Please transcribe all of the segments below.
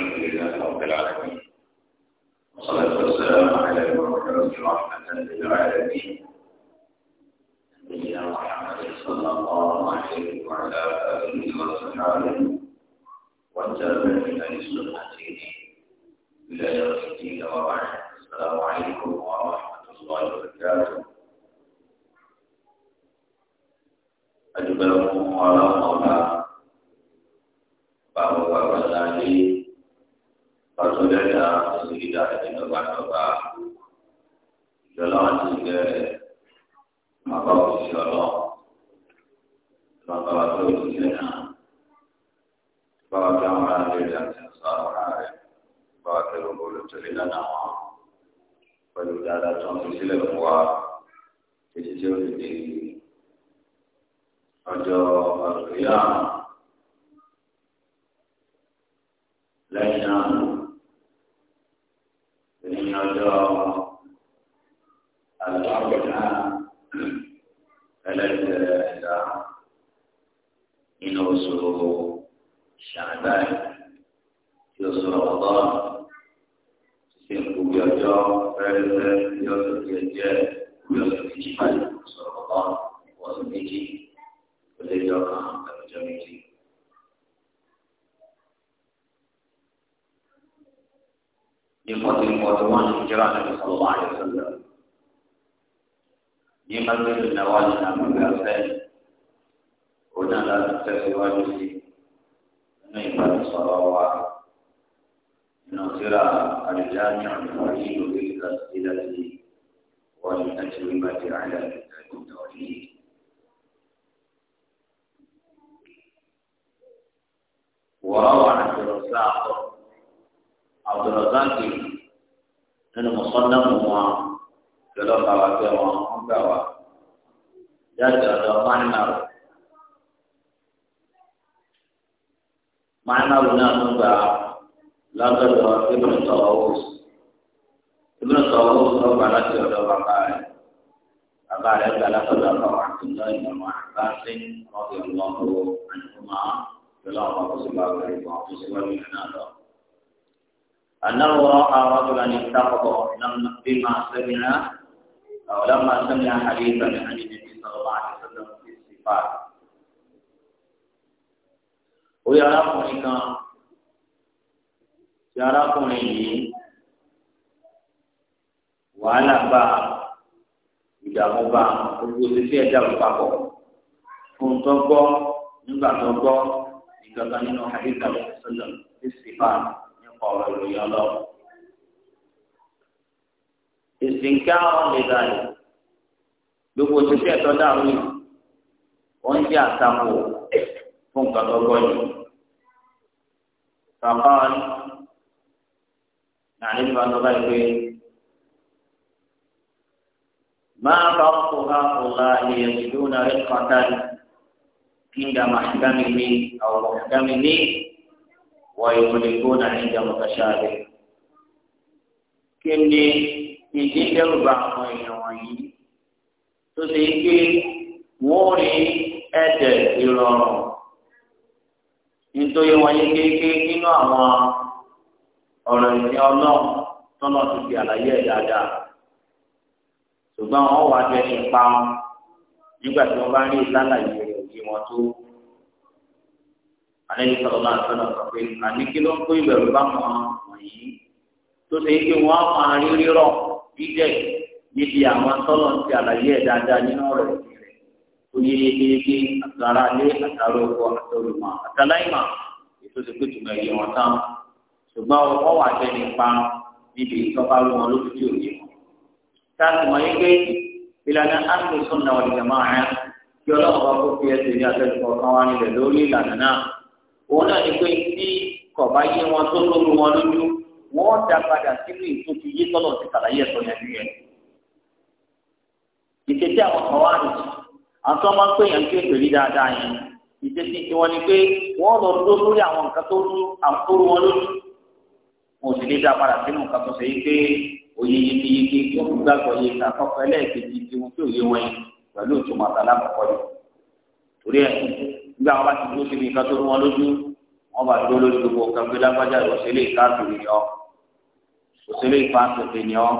الحمد لله رب العالمين والصلاة والسلام على المبعوث رحمة للعالمين نبينا محمد صلى الله عليه وعلى آله وصحبه والتابعين لسنته إلى يوم الدين وبعد السلام عليكم ورحمة الله وبركاته أجبركم على الله bahwa ọdún lẹ́yìn àwọn ìdá ìdílọ́gba lọ́gba ìjọba àti ìgbẹ́ rẹ̀ máa bá òṣìṣẹ́ ọlọ́ máa bá wa tó òṣìṣẹ́ náà bá wa tó àwọn ará rẹ̀ àti ọ̀sán àwọn ará rẹ̀ bá wa tó gbogbo ما جرى على العرض العام ثلاثة إلى إن وصلوا شعبان يوصل رمضان يسير بيجار ثلاثة يوصل بيجار وتوان هجران النبي صلى الله عليه وسلم ni mazuri na wale na magazeti unala tafsiri wajizi na ibada salawa نصرى الجامع الوحيد للأسئلة والأجوبة على التوحيد وروى عبد الرزاق عبد الرزاق nínú mọ̀sánnámù wọn lọ́dọ̀ bàbá tẹ wọn wọ́n gbà wá jáde ọ̀dọ̀ mánàrù mánàrù náà ló gbà lọ́dọ̀ ibùdó tọ́wọ́wọ́ ibùdó tọ́wọ́wọ́ ló gbà láti ọ̀dọ̀ bàbá rẹ̀ bàbá rẹ̀ gbà láti ọ̀dọ̀ bàbá àtúndọ̀ ìmọ̀ràn àbáṣe ọ̀gbìn ọ̀gbọ̀n àti ọmọ ìlú أنه رأى رجلا انتقض لما سمع أو لما سمع حديثا عن النبي صلى الله عليه وسلم في الصفات ويراكم إنك يراكم إني وأنا با إذا مبا وجودي أجا بابو كنتم بابو نبا بابو إذا كان إنه حديث عليه الصلاة والسلام في الصفات ọ̀rọ̀ ìròyìn ọlọ́run. ìsìnká ọ̀rọ̀ lè dàlù gbogbo òṣìṣẹ́ ẹ̀tọ́ dàrú yìí wọ́n ń jẹ́ àtakò fún nǹkan tó gbọ́ yìí. bàbá wa ní nàní bá lọ́ba ìpè máa bá kó ha kó la èèyàn rẹ̀ kọ́ńtà kí n dà ní àwọn ọ̀gá ní. ويملكون عند متشابه kíni ìdí dẹ́rùbà àwọn èèyàn wọ̀nyí tó ṣe pé wọ́n rí ẹ̀jẹ̀ ìrọ̀rùn nítorí wọ̀nyí kéékèé nínú àwọn ọ̀rọ̀ ìsìn ọlọ́run tọ́nà ti fi àlàyé ẹ̀ dáadáa ṣùgbọ́n wọ́n wà jẹ́ ìpa nígbà tí wọ́n bá rí ìlànà ìrìn òye wọn tó àlejò sọ̀rọ̀ náà sọ̀rọ̀ sọ pé àní kí ló ń kó ìbẹ̀rù bá wọn wọ̀nyí tó ṣe é pé wọ́n á máa rí rírọ̀ dídẹ̀ níbi àwọn sọ́lọ̀ ti àlàyé ẹ̀ dáadáa nínú ọ̀rọ̀ ìsìn rẹ̀ ó yé yékéyéké àtàrà lé àtàrà oko àtọ̀rùmọ̀ àtàláìmọ̀ ètò ìsìnkú ìtumọ̀ ẹ̀yẹ wọn tán ṣùgbọ́n ọkọ̀ wà jẹ́ nípa níbi ìtọ́ba wọn lójú tí ò yé wọn. táàtì wọn yé pé ìlànà àtúnṣe náà wà ní jàmáà yẹn kí ọlọ́run bá kó fi ẹsẹ̀ ní atẹ́lẹ́kọ̀ọ́ kan wá nílẹ̀ lórí ìlànà náà òun náà ní pé tí kọ̀ọ̀bá yé wọn tó lóru wọn lójú wọ́n dá padà sínú ìtò ti yé tọ́lọ̀ ti sàlàyé ẹ̀tọ́ yẹn nìyẹn. ìṣèjì àwọn kan wá nìyí àti wọn máa ń pè yẹn kí èpè rí dáadáa yẹn ìṣèjì tí wọn ni pé wọn lọ dó lórí àwọn nǹkan tó rú àtòrú wọn lójú wọn ò sì lè dá padà sínú nǹkan tó ṣe yí pé òye yékéyéké tó kú gbàgbọ́ yé ká kọ́kọ́ ẹlẹ́ẹ̀kejì tí wọn tí òye wọn yìí pẹ̀lú ìtumọ̀ àtàlámọ̀kọ́ yìí torí ẹ̀ nígbà wọn bá ti dúró síbi nǹkan tó rú wọn lójú wọn bá dúró lójú gbogbo nǹkan pé lágbájá òṣèlè káàkiri ni ọ òṣèlè ìfàǹtẹ̀tẹ̀ ni ọ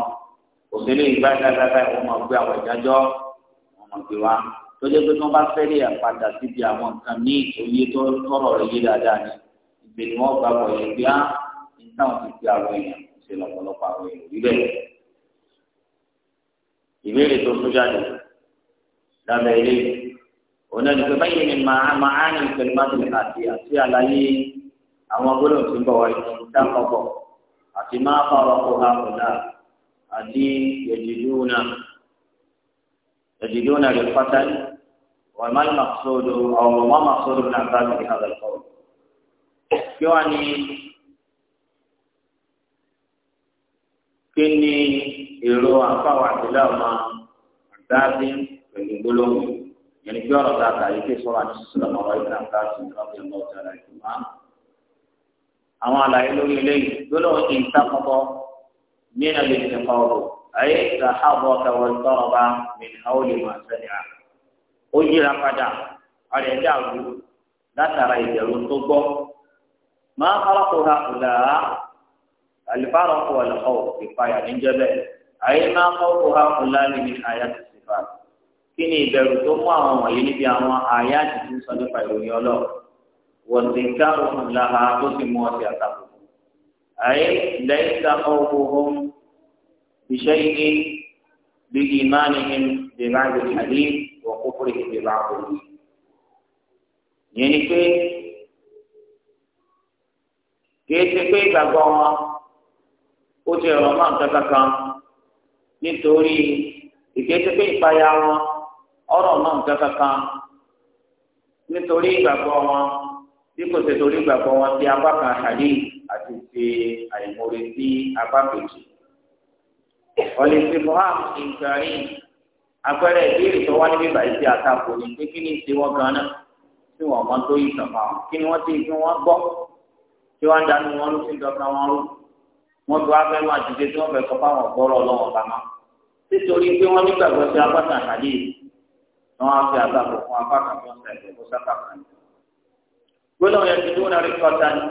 òṣèlè ìgbàgbàgbà wọn máa gbé àwọn ìdájọ́ wọn máa gbé wa lójú pé tí wọn bá fẹ́ lè àpàdà síbi àwọn nǹkan ní ìtòyé tó tọrọ rẹ yé dáadáa ni ìgbè ni wọn gbàgbọ́ yẹn gbé á ah, nígbà wọn ti gbé àwọn èèyàn ṣe lọ́pọ̀lọpọ̀ àwọn èèyàn rí bẹ́ẹ̀. ìbéèrè tó sójà jù lábẹ́ ilé ọ̀nà nípa báyìí ni màá màá ní ìpèlémàtìlẹ àti àti àlàyé àwọn gbọ́dọ̀ tí ń bọ̀ wáyé dákọkọ àti máa fa ọkọ ha kọjá àti yẹjìdúnà yẹjìdúnà rẹ pátá wọn má má sọdọ ọmọ má má sọdọ náà bá mi ha lọkọ kí wọn ní kí ni èrò àfàwọn àtìlẹ ọmọ àgbà pẹ̀lú gbólóhùn yẹnni kí ọ̀rọ̀ dáadáa yìí kí sọ̀rọ̀ àti sísọ lọmọ ọ̀rọ̀ ìgbà ká sí ìrọbí ọmọ ọjà rẹ tó máa ń. àwọn àlàyé lórí eléyìí gbólóhùn kì í sákọ̀kọ́ mìíràn lè fi kọ́ ọ̀rọ̀ ayé ìsàhábọ̀ kẹwọ́ ìtọ́rọ̀bá mìíràn ó lè máa sẹ́yà. ó yíra padà ọ̀rẹ́ dàrú látara ìdẹ̀rù tó gbọ́. máa kí ni ìbẹ̀rù tó mú àwọn wọ̀nyí níbi àwọn àyà àtìtì sọ nípa ìròyìn ọlọ́ọ̀ wọ́n ti ká òun lára tó sì mú ọtí àtàkùn. àyè lẹ́yìn tá ọkọ̀ ohun iṣẹ́ igi bí ìmánìyàn bèbá ìgbè àdé wọ́n kó fúri bèbá òun. yẹn ni pé kìí ṣe pé ìgbàgbọ́ wọn ó ti rọ̀ mọ́ nǹkan kankan nítorí ìkéṣe pé ìpayà wọn ọ̀rọ̀ náà nǹkan kankan nítorí ìgbàgbọ́ wọn bí kò ṣe torí ìgbàgbọ́ wọn sí apá kan àṣàlẹ àti ṣe àìmọ̀re sí apá kejì. ọ̀lẹ́sì moham ìgbàrin àpẹẹrẹ ìbéèrè tó wá níbi ìbàyí sí àtakò ní pé kí ni ìṣe wọn gan náà tí wọn mọ tó yìí sọfà wọn kí ni wọn ti fi wọn gbọ́ tí wọn dánú wọn ló fi dọkà wọn rú wọn tó wá fẹ́ máa dìde tí wọn fẹ́ sọ fáwọn gbọrọ lọ́wọ́ bàmá nítorí pé wọn nígbàgbọ́ sí apá kan àṣàlẹ yìí wọn á fi àgbàgbọ fún apá kan tó ń tẹlẹ kó sábà kan ní. gbọ́dọ̀ yẹ kí lóun rí kọta ni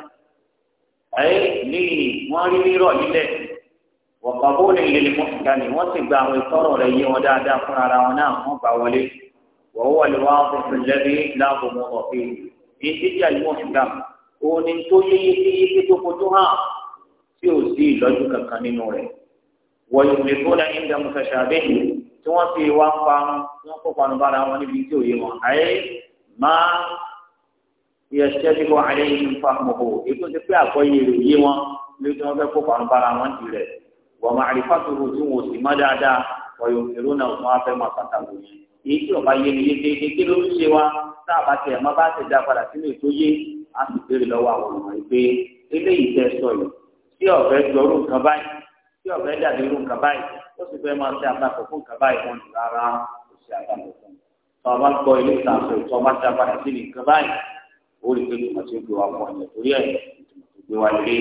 ayé níyì wọn rí rírọ nílẹ̀ wọkàn bó lè lè mọ ìgbà ni wọn sì gba àwọn ìtọrọ rẹ yé wọn dáadáa fúnra ara wọn náà wọn gbà wọlé wọ́n wọlé wọn á fún lẹ́bí láàbò mọ́ ní títí àlùmọ́ ìgbà òun ni tó yéye tí tó fojú hàn tí ò sí ìlọ́jú kankan nínú rẹ̀ wọ́n yóò lè kó lẹ́yìn dàmú fẹsẹ̀ àbẹ́yìn tí wọ́n fi wá panu wọ́n kó panu bára wọn níbi tí òye wọn àyè máa yẹsẹ bí wọn àyè yìí ń fa mọ̀kò èkó ti pé àkọ́yé rẹ̀ òye wọn lórí tí wọ́n fẹ́ kó panu bára wọn ti rẹ̀ wọ́n máa rí fásitì tí wọ́n sì má dáadáa wọ́n yóò náà wọ́n á fẹ́ máa pàtàkì yẹn èyí tí ọba yé ni yé déédé kí ló ń ṣe wa tá a bá tẹ ẹ̀ má bá tẹ̀ dá padà sínú ètò yé a sì béèrè lọ́wọ́ àwọn ọmọ yìí pé eléyìí tẹ sọ yìí tí ọ̀fẹ́ jọ nǹkan báyìí tí ọ̀fẹ́ dàbí irú nǹkan báyìí ó sì fẹ́ máa ṣe àtakò fún kaba ìwọ̀n ní rárá kò sí àtakò fún tó a bá gbọ́ ilé ìtàkùn ètò ọba tí a padà sí ní kaba yìí ó rí pé tòmọ̀ tí ó gbé wa pọ̀ ní torí ẹ̀ tòmọ̀ tó gbé wa lé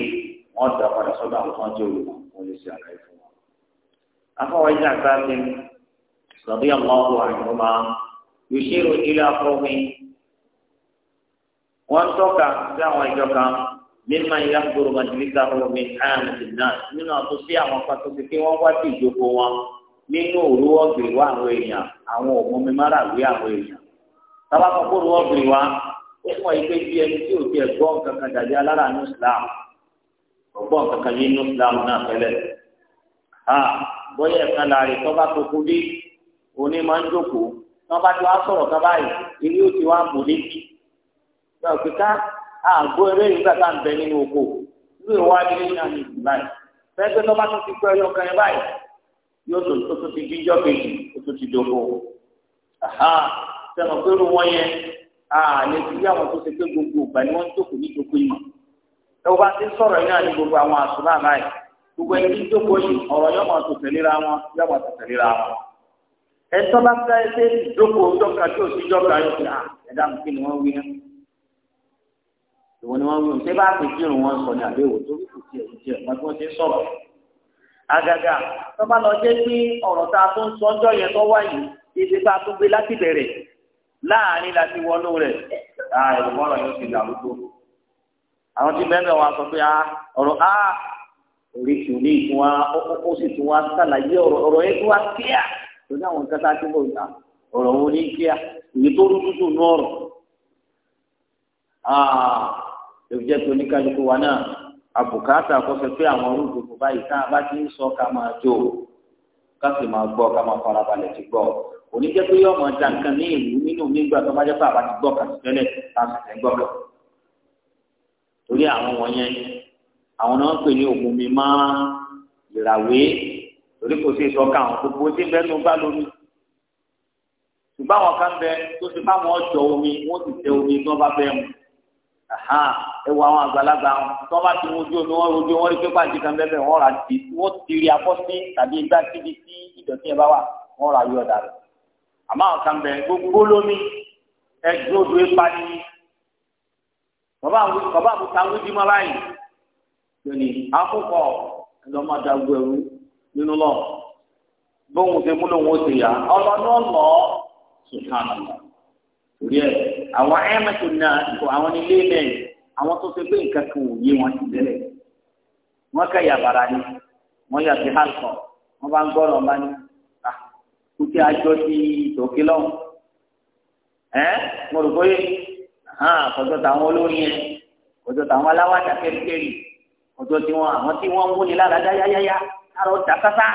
wọ́n dà padà sọ́dọ̀ àwọn tó ń jẹ́ olùmọ̀ wọ́n lè ṣe àlàyé fún wọn. afọwọ́ iṣẹ́ àgbà ti sọ̀bí ọmọọ̀rọ̀ àyùmọ́má yòṣèrò ilé afọ́mi wọ́n tọ́ka sí àwọn ìjọ kan mímọ ìyàgbọrọ màjìlíkà ọ̀rọ̀ mi àyàmùtì náà nínú àtúnṣe àwọn pàtó pé kí wọn wá sí ìjókòó wọn nínú òru ọgbìn wá àwọn èèyàn àwọn òmùmí mara wí àwọn èèyàn tábàkọ kó òru ọgbìn wá ó fún ẹgbẹ́ bí ẹni tí ò tiẹ̀ gbọ́ nǹkan kan dàbí alára ní islam ọgbọ́ nǹkan kan yé islam náà tẹ́lẹ̀ ha bóyá ẹ̀ka láàrin tọ́ba kókó dé òní máa ń jókòó tọ́ba tí wàá sọ̀rọ̀ kábàáyì ilé ó ti wá mọ̀ àgbo eré yìí gbàgbà ń bẹ nínú oko ìlú ìwádìí ní ìyá ní ìlú báyìí fẹ́ẹ́ tó bá tún ti pẹ́ ọyọkàn yẹn báyìí yóò tó tó ti di ijọ́ kejì ó tó ti dògbò sẹ́nu pérò wọ́n yẹn àlè tí àwọn tó ṣe pé gbogbo ìgbà ni wọ́n ń jókòó ní ìjókòó ìmọ̀ ẹ wọ́n bá ti sọ̀rọ̀ yín àti gbogbo àwọn àṣùlá báyìí gbogbo ẹni tí ń jókòó yìí ọ̀rọ̀ yóò máa tò tẹ̀léra wọn yóò máa tò tẹ̀léra wọn. ẹ tọ́ bá fẹ́ ṣe ìjókòó jọ́ka tí ò sí jọ́ka yóò fi hàn ẹ̀dá mi kí ni wọ́n wí náà ìwọ ni wọn wí ṣé bá ti kírun wọn sọ ní àbẹ̀wò tó kù sí ẹ̀yìn jẹ ọmọ tí wọn ti sọ̀rọ̀ àgàgà tó bá lọ jẹ pé ọ̀rọ̀ tá a tó ń sọ ọjọ́ yẹn tó wáyé ibi tá a tó gbé láti bẹ̀rẹ̀ láàrin láti wọnú rẹ̀ ẹlòmọrọ yóò ti dàrú tó àwọn tí bẹ́ẹ̀ bẹ wọn sọ pé ọ̀rọ̀ a oríṣi òní tí wọn ó sì tún wá sàlàyé ọ̀rọ̀ ọ̀rọ̀ yẹn tí wọn kíá lórí àwọn nǹkan tá a ti bọ̀ wọn ní kíá èyí tó rúdúdú nú ọ̀rọ̀ lóbi jẹ́ pé oníkálukú wa náà àbùkátà kọsọ pé àwọn olùdókòwò báyìí tá a bá ti ń sọ ká máa jó ká sì máa gbọ́ ká máa farabalẹ̀ ti gbọ́ oníjẹ́ pé yọ̀ọ́ máa da nǹkan ní ìlú nínú nígbà tó bá jẹ́ pé àbá ti gbọ́ kà sí tẹ́lẹ̀ tá a sì tẹ́ gbọ́ lọ. torí àwọn wọ̀nyẹn àwọn náà ń pè ní ògùn mi máa ìràwé torí kò sí ìsọ̀ka àwọn gbogbo tí ń bẹ́nu bá lómi ṣùgbọ́n àwọn kan bẹ tó ti bá wọn jọ omi wọ́n ti tẹ omi tó bá fẹ́ mu ewu àwọn àgbàlagbà tó bá ti wojú omi wọn rojú wọn rí pé pàǹtí kan bẹ́ẹ̀ bẹ́ẹ̀ wọ́n rà ti wọ́n ti rí akọ́sí tàbí igbá síbi tí ìdọ̀tí ẹ bá wà wọ́n rà yọ dàrú àmọ́ àwọn kan bẹ̀ gbogbo lómi ẹgbẹ́ odò ipa ni bàbá àbúta wíjì má báyìí lónìí akókò ẹlọ́mọdé agbó ẹrú nínú lọ bóun ṣe múlò wọn ó ṣe yá ọlọ́dún ọ̀nà sùkànnà torí ẹ̀ àwọn ẹ̀mẹ́tò náà kò àwọn ilé mẹ́rin àwọn tó ṣe pé nǹkan kan ò yé wọn ti tẹ́lẹ̀ wọ́n kẹ́ yàbàrà ni wọ́n yà sí hàlùkọ́ wọ́n bá ń gbọ́ ọ̀rọ̀ ọba ni kò tí a jọ ti tòkí lọ́wọ́ ẹ́ mo rò bóyá ah, kọjọ́ táwọn olórin yẹn kọjọ́ táwọn aláwàdà kẹ́ríkẹ́rì kọjọ́ tí wọ́n àwọn tí wọ́n ń múni lára dáyáyáyá lára ọjà kásá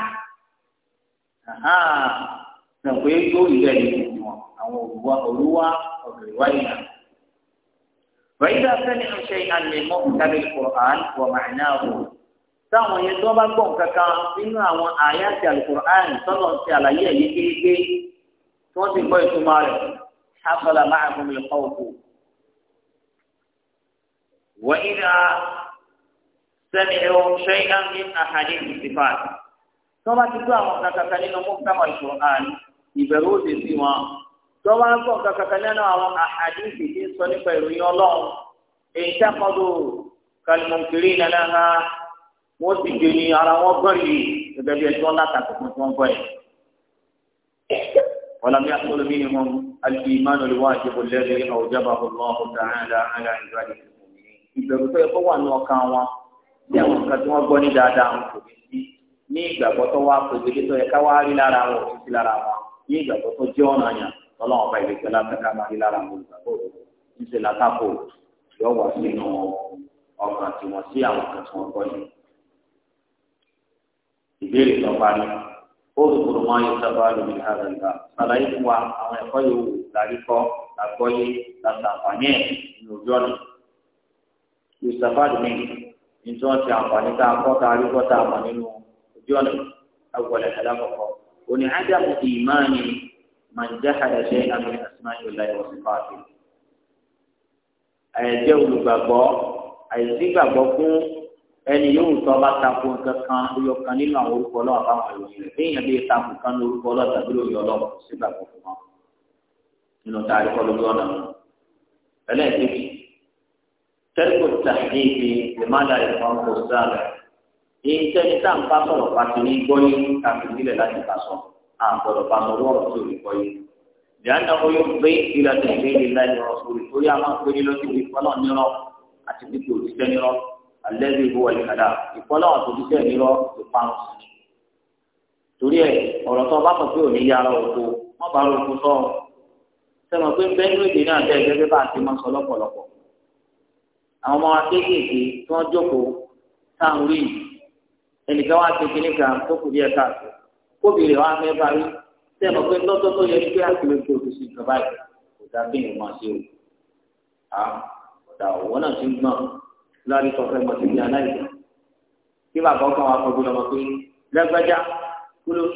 náà pé yóò rí ẹ̀rí ìdí wọn àwọn olùwà olùwà ọ̀dọ̀ ìwà ìyá. فإذا سمعوا شيئا من محكم القرآن ومعناه táwọn yẹn tó bá gbọ́ kankan nínú àwọn àyà ti alukur'an tọ́lọ̀ ti àlàyé ẹ̀yẹ kéèké tí wọ́n ti gbọ́ ìtumọ̀ rẹ̀ حصل معهم الخوف وإذا سمعوا شيئا من أحاديث الصفات tó bá ti gbọ́ àwọn kankan nínú محكم القرآن ìbẹ̀rù òde sí wọn tó bá ń sọ kankan nínú àwọn àhàdìsì tí ń sọ nípa ìròyìn ọlọ́run èyí sákòdò kàlùmọ̀kiri nana ha wọ́n ti dè ní ara wọn gbọ́ yìí gẹ́gẹ́ bí ẹjọ́ ńlá kàtó fún wọn gbọ́ yìí. ولم يحصل منهم الإيمان الواجب الذي أوجبه الله تعالى على عباده المؤمنين. ìbẹ̀rù tó yẹ kó wà ní ọkàn wọn bí àwọn nǹkan tí wọ́n gbọ́ ní dáadáa wọn kò ní sí ní ìgbàgbọ́ tó wá pèsè ní ìgbà tó tó jẹ́ ọ̀nà yàn lọ́lọ́wọ́ bá ìlẹ̀kẹ́ látàkà máa rí lára àwọn olùgbàgbọ́ níṣẹ́ látàkò yọ wà sínú ọkàn tí wọ́n sí àwọn kan tí wọ́n gbọ́ yìí. ìbéèrè lọ bá ní ó dùkúrú máa yọ sábà lómi lára ìgbà sàlàyé fún wa àwọn ẹ̀kọ́ yòówù lárí kọ́ làgbọ́yé látàǹfààní ẹ̀ ní ojú ọ̀nà. Yusufa dùnmí ní tí wọ́n ti àǹfààní tá a kọ́ tá a rí kọ́ tá a mọ̀ nínú ojú ọ̀nà ẹ̀wọ̀lẹ̀ ẹ̀dá kọ̀ọ̀kan òní ádámù ìmáàní màjáhàdà ṣe àmì àsìmáyé ọ̀láyé ọ̀sìnkáàfin. àìjẹ́ olùgbàgbọ́ àìsígbàgbọ́ fún ẹni yóò tọ́ bá takò nǹkan kan yọ kan nínú àwọn orúkọ ọlọ́wọ́ àbáwọn ìròyìn rẹ̀ bí èèyàn lè takò kan ní orúkọ ọlọ́wọ́ tàbí lórí ọlọ́wọ́ sígbàgbọ́ fún wọn nínú táàrí kọ́ lójú ọ̀nà wọn. ẹlẹ́ẹ̀kejì tẹ́lifù tàbí ìgbìmọ̀ àdáyé fún ìtẹ́ni tá à ń bá sọ̀rọ̀ pàtó ní gbọ́yé káfí sílẹ̀ láti bá sọ àgbọ̀dọ̀ bá sọ lọ́rọ̀ tí ò ní gbọ́yé. ìyáńdà ó yóò gbé ìlà tẹ̀lé ìlà ìrọ̀ sórí torí a máa ń péré lọ́sí ìfọ́nà nírọ̀ àti pípé òṣìṣẹ́ nírọ̀ alẹ́bí ìwọ ìkàdà ìfọ́nà àtòṣìṣẹ́ nírọ̀ ìparun sí ni. torí ẹ ọ̀rọ̀ tó bá sọ pé òní yára oko wọ́n bá ẹnìkan wá ṣe kínní kan tó kù díẹ̀ káàtó kóbìnrin wa fẹ́ parí tẹ́ mọ̀ pé lọ́tọ́ tó yẹ kí àkìlẹ̀ tó ti ṣe ìjọba yìí kò dá kí èèyàn máa ṣe o à ọ̀dà òwò náà ti ń gbọ́n lórí tọ́fẹ́ mọ̀ sí ti aláìsàn kí bàbá ọkàn wa fọ́gbọ́n lọ́mọ pé lẹ́gbẹ́já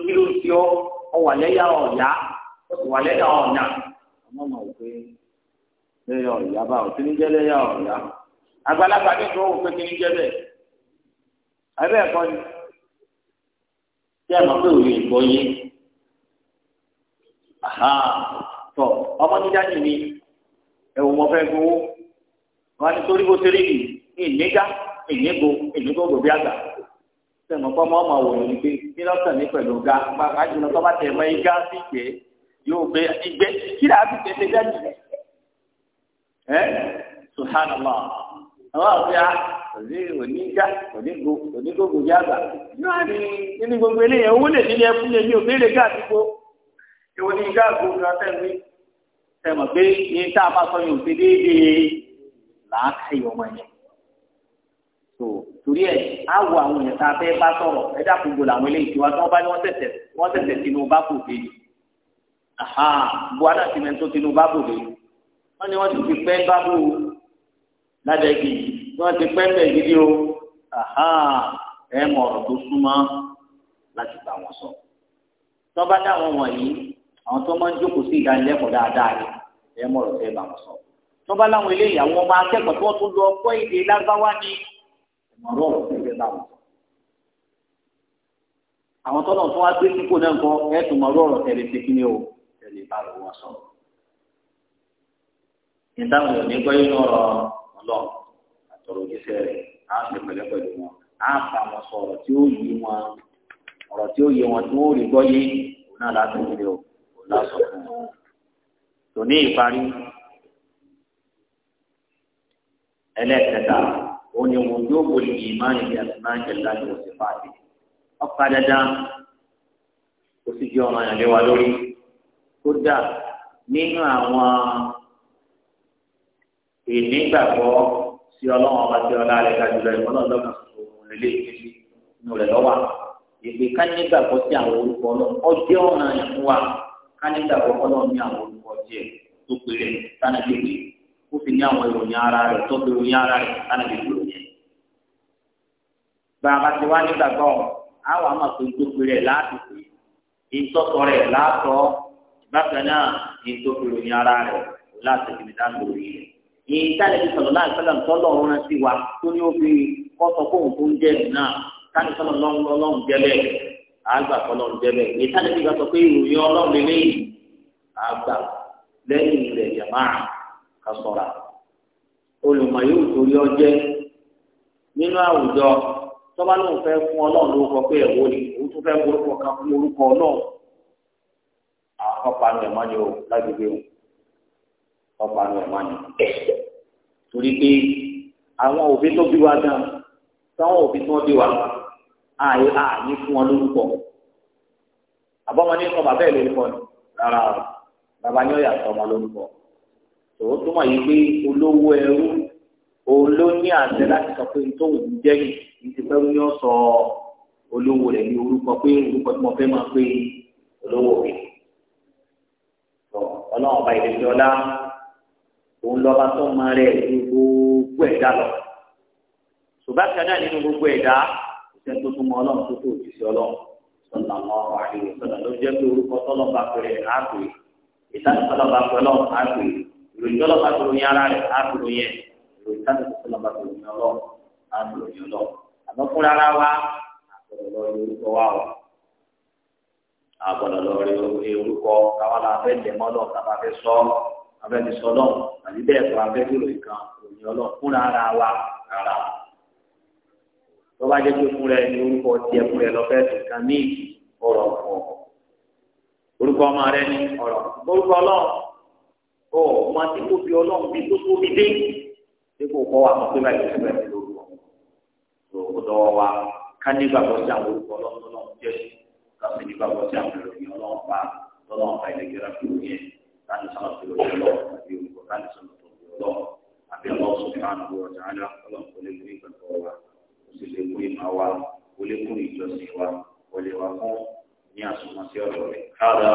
kí ló ti ọ́ ọ wà lẹ́yà ọ̀yá ó sì wà lẹ́yà ọ̀nà àmọ́ mọ̀ pé lẹ́yà ọ̀yá báwo kí abẹ́ ẹ̀kọ́ ni tí a máa pé òye ìgbọ́ yé tọ ọmọ níjáde mi ẹ̀wọ̀n mo fẹ́ gbowó wọn ni torí bó ṣe yìí ìnígá ìnígo ìnígo gbòbí àgbà pé kí ní pẹ̀lú ga pàápàá jùlọ bá mọ́ igá sí ìgbé yóò gbé ìgbé kò ní já kò ní go kò ní gbogbo yàgbà náà ni nínú gbogbo eléyẹn owó lè nílé ẹkún lè ní òbéèrè gáàsì kó ewu ni, gáàsì kó kan tẹ̀wé tẹ̀mọ̀ pé ní tá a bá sọ yóò ṣe déédéé làákàyè ọmọ yẹn tó torí ẹ á wo àwọn yẹn tá a fẹ́ bá sọ̀rọ̀ ẹ dákun gbòòlò àwọn eléyìí tí wọ́n tán bá ní wọ́n tẹ̀tẹ̀ wọ́n tẹ̀tẹ̀ sínú bábò bèèrè buhari àti mẹ́tò sínú bábò bèèrè wọ́n ní wọ́n ti fi pẹ́ bábò lábẹ́ kejì wọ́n ti pẹ́ bẹ̀ gidi o ẹ mọ ọ̀rọ̀ tó súnmọ́ láti bá wọn sọ. tọ́ba dáwọn wọ̀nyí àwọn tó máa ń jókòó sí ìdánilẹ́kọ̀ọ́ dáadáa rẹ̀ ẹ mọ ọ̀rọ̀ tẹ́ bá wọn sọ. tọ́ba láwọn ilé ìyàwó ọmọ akẹ́kọ̀ọ́ tí wọ́n tún lọ ọkọ́ èdè lágbáwá ni ìmọ̀ràn ọ̀rọ̀ tẹ́ bá wọn sọ. àwọn tọ́nà tó wá gbé sípò náà kọ ẹ tún mọ̀rọ̀ ọ̀rọ̀ tẹ́lẹ̀ ṣe kí o tẹ́lẹ̀ bá wọn sọ. ìdáhùn ò ní gbọ́ yín ọ̀rọ̀ ọlọ́run sọ̀rọ̀ òjíṣẹ́ rẹ̀ á ṣe pẹ̀lẹ́ wọn á bá wọn sọ̀rọ̀ tí ó yí wọn ọ̀rọ̀ tí ó yí wọn tí wọ́n rí gbọ́ yé òun náà láti rí o òun náà fún wọn. tòní ìparí ẹlẹ́ẹ̀kẹta òun ni wọn yóò boli ìmáyé bí àtúnáyé láti oṣù fàájì ọ̀pá dandan ó sì jẹ́ ọ̀ràn ìyàlẹ́wà lórí kódà nínú àwọn ìnígbàgbọ́ sí ọlọ́run ọba tí ọlá rẹ̀ gàdúrà ìwọ náà lọ́kàn tó òun lè kéde inú rẹ̀ lọ́wọ́ ìpè kánígbà kọ́ sí àwọn orúkọ náà ọjọ́ ọ̀ràn ìfún wa kánígbà kọ́kọ́ náà ní àwọn orúkọ díẹ̀ tó péré tánàbí pé ó sì ní àwọn ìròyìn ara rẹ̀ tó fi ròyìn ara rẹ̀ tánàbí pé ròyìn. bàbá ti wá nígbàgbọ́ àwọn àmọ̀ tó ń tó péré láti pè rẹ̀ látọ̀ bákan náà ìtòkèròyìn ara rẹ̀ láti fi dáná lórí rẹ̀ èyí tálẹ́bí sọ̀rọ̀ láì sọ́lá ńtọ́lọ̀ ọ̀run sí wa tó ní ó fi kọ́sọ̀ fóun tó ń jẹ́ ẹ̀ náà tálẹ́ sọ̀rọ̀ lọ́run jẹ́lẹ̀ àgbà sọ̀rọ̀ jẹ́lẹ̀ èyí tálẹ́bí gbà sọ pé ìròyìn ọlọ́run lè léyìn àgbà lẹ́yìn ilẹ̀ yàmá kasọ̀ra olùmọ̀ yóò torí ọjẹ́ nínú àwùjọ tọ́ba lóun fẹ́ fún ọlọ́run lórúkọ pé ẹ̀wọ́ ni òun tún fẹ́ orúkọ ni ẹ̀mọ́ ni ó lágbègbè ó ọ̀pàá ni ẹ̀mọ́ ni torí pé àwọn òbí tó bí wa gan táwọn òbí tó bí wa àyè àyè fún wọn lórúkọ àbọ̀mọ ní sọ bàbá ẹ̀ lórúkọ ni rárá o bàbá ní ọ̀yà sọmọ lórúkọ tòun túmọ̀ yìí pé olówó ẹrú òun ló ní àṣẹ láti sọ pé tóun jẹ́ yìí ti pẹ́ ní ọ̀sọ̀ olówó rẹ̀ ní orúkọ pé orúkọ tí mo fẹ́ máa pé olówó rẹ̀ ọlọ́run ọba ìdẹ́jọ́ ọlá òun lọ́ba tó mọ rẹ̀ ní gbogbo ẹ̀dá lọ. ṣùgbọ́n kanáà nínú gbogbo ẹ̀dá ṣe tó tún mọ ọlọ́run tó tó òjìṣẹ́ ọlọ́run sọ̀nà ọmọ àdìrò sọ̀nà ló jẹ́ pé orúkọ tọ́lọ́ba pẹ̀lẹ́ àgbè ìtàn tọ́lọ́ba pẹ̀lọ́ àgbè ìròyìn tọ́lọ́ba pẹ̀lú yẹn ara rẹ̀ àgbè yẹn ìròyìn tán tọ́lọ́ba pẹ̀lú yẹn ọlọ́run àgbè yẹn ọlọ́run àmọ́ fúnra ara wa lọ rí abẹ́ni sọlọ́ àti bẹ́ẹ̀ kọ́ abẹ́jọ́ ìkan òyìn ọlọ́run fúnra ara wa rárá tó bá jẹ́ pé fúnra ẹni orúkọ tiẹ̀ fúnra ẹ lọ́fẹ́ tó kan ní ọ̀rọ̀ fún ọ orúkọ ọmọ rẹ ní ọ̀rọ̀ orúkọ ọlọ́run ó máa ti kó fi ọlọ́run bí tó tó mi dé dípò kọ́ wa pé báyìí tó bẹ̀rẹ̀ lórúkọ tó dọ́wọ́ wa ká nígbàgbọ́ sí àwọn orúkọ ọlọ́run tó náà jẹ́ ká sì nígbàgbọ́ sí àwọn èrò láti sọ̀rọ̀ sí lórí ọlọ́run àti olùkọ́ láti sọ̀rọ̀ subhanahu wa ta'ala ọlọ́run kò lè mú ìgbàgbọ́ wa kò sì lè mú ìmọ̀ wa kò lè mú ìjọsìn wa kò lè wà fún ní àsomọ́ sí ọ̀rọ̀ rẹ̀. káàdà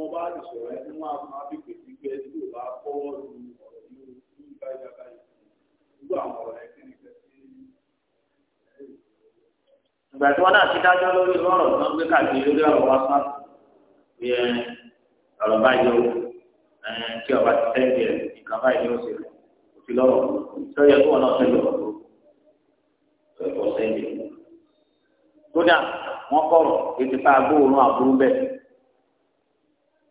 wọn bá lè sọ̀rọ̀ ẹni wọn àwọn abẹ́gbẹ̀ tí gbé tí ò bá kọ́wọ́ lu ọ̀rọ̀ yìí ní báyìí báyìí irú àwọn ọ̀rọ̀ ẹ̀ kí ni kẹ́ sí. ìgbà tí wọn náà ti dájọ́ lórí lọ́rọ̀ tí wọ́n gbé káàkiri lórí ọ̀rọ̀ wá sá pé ẹ ọ̀rọ̀ báyìí ó kí ọba ti tẹ́lẹ̀ ẹ̀ nǹkan báyìí ó ṣe òfin lọ́rọ̀ tó yẹ kí wọn náà tẹ́lẹ̀ ọ̀rọ̀ tó ẹ̀kọ́ sẹ́yìn kódà wọn kọ̀rọ̀ ètò tá a gbóòórùn àbúrú bẹ́ẹ̀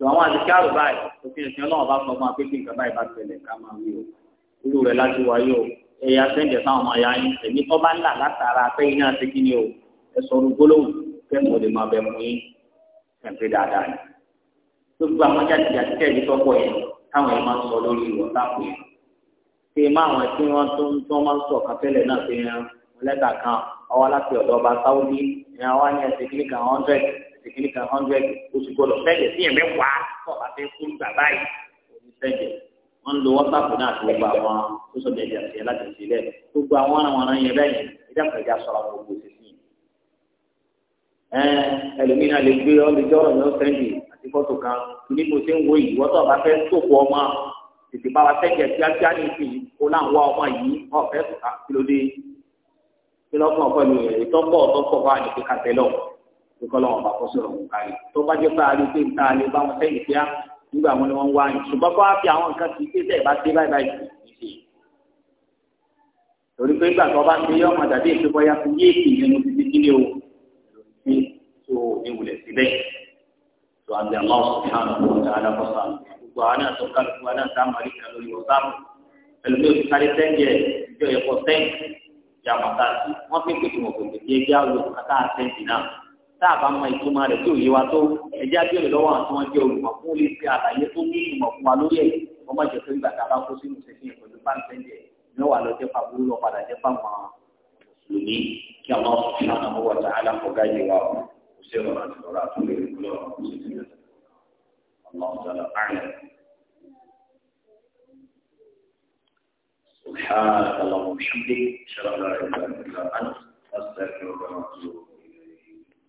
sọ àwọn àdìsí àrò báyìí òfin ìsìn ọlọ́run bá sọ fún akéèké nǹkan báyìí bá tẹ̀lé ká máa wí o irú rẹ̀ láti wáyé o ẹ̀yà sẹ́ńdẹ̀ sáwọn ọmọ ya yín èmi tó bá ń là látara pé iná ti kí ni o ẹ sọ̀rọ̀ gbólóhùn kẹ́mọ̀ lè máa bẹ̀ mú yín kẹ́ǹpé dáadáa ni gbogbo àwọn jáde jáde tẹ̀lé tọ́pọ̀ yẹn táwọn yẹn máa ń sọ lórí ìwọ̀ táàpù yẹn ṣe máa wọn tí wọ́n tó ń tó máa ń sọ kàtẹ́lẹ̀ náà fi hàn lẹ́tà kan ọwọ́ láti ọ̀dọ̀ ọba sáwọ́dí ìyẹn wá ní ẹsẹ̀ kílíkà hundred ìkíní kan hundred oṣù gbọdọ̀ fẹ́jẹ̀ sí ẹ̀mẹ́ wá kọ́ àti fún bàbá yìí òní fẹ́jẹ̀ wọ́n ń lo wọ́sáàpù náà àti gbogbo àwọn social media ṣe láti ṣe lẹ̀ gbogbo àwọn àwọn yẹn bẹ́yẹn ìjà pẹ̀lú aṣọra gbogbo ṣe sí. ẹlòmíràn lè gbé ọ́ lè jẹ́ ọ̀rọ̀ yẹn sẹ́ńdì àti fọ́tò kan ní mo ṣe ń wo yìí wọ́tọ̀ bá fẹ́ sòkò ọmọ tètè bá wa fẹ́jẹ̀ kíákíá ní ìsìn kó láwọn ọmọ yìí ọ̀fẹ́ sùkà kílódé kílọ́kàn pẹ̀lú ìtọ́pọ̀ ọ̀tọ́pọ̀ bá a nìkan kàtẹ́ lọ́wọ́ ìkọlọ wọn bá kó sọ̀rọ̀ wọn kárí tó bá jẹ pé a lè pé nta lè bá wọn sẹ́yìn fíà nígbà wọn ni wọn wá yìí ṣùgbọ́n kó a fi àwọn nǹkan ti pé bẹ́ẹ̀ bá dé báyìí báyìí kì í ṣe torí pé nígbà tó bá ti yọ ọmọ dàbí èso bọ́yá fún yé èkì nínú títí kílé o ṣe tó ìwúlẹ̀ síbẹ̀ tó àbí àwọn ọ̀sán ọ̀sán alákọ̀ọ́sán gbogbo àwọn náà tó kálukú àwọn náà tá a máa rí kan lórí wọ́sán tá a bá mọ ìtumọ̀ rẹ̀ tí ò yé wa tó ẹ̀jẹ̀ abíọ̀lẹ̀ lọ́wọ́ àti wọn jẹ́ olùmọ̀ fún lè fi àlàyé tó ní ìmọ̀ fún wa lórí ẹ̀ ọmọ jẹ́ pé gbàtà bá kó sínú sẹ́fìn pẹ̀lú pàǹtẹ́ǹjẹ̀ ní wà lọ jẹ́ fàbúrú lọ padà jẹ́ fáwọn mùsùlùmí kí àwọn ọ̀sùn náà wọ̀ tá a lápò gáyé wa kò sí ọ̀rọ̀ àti ọ̀rọ̀ àtúnlẹ̀ ìkúlọ̀ ọ̀sùn سبحانك اللهم وبحمدك اشهد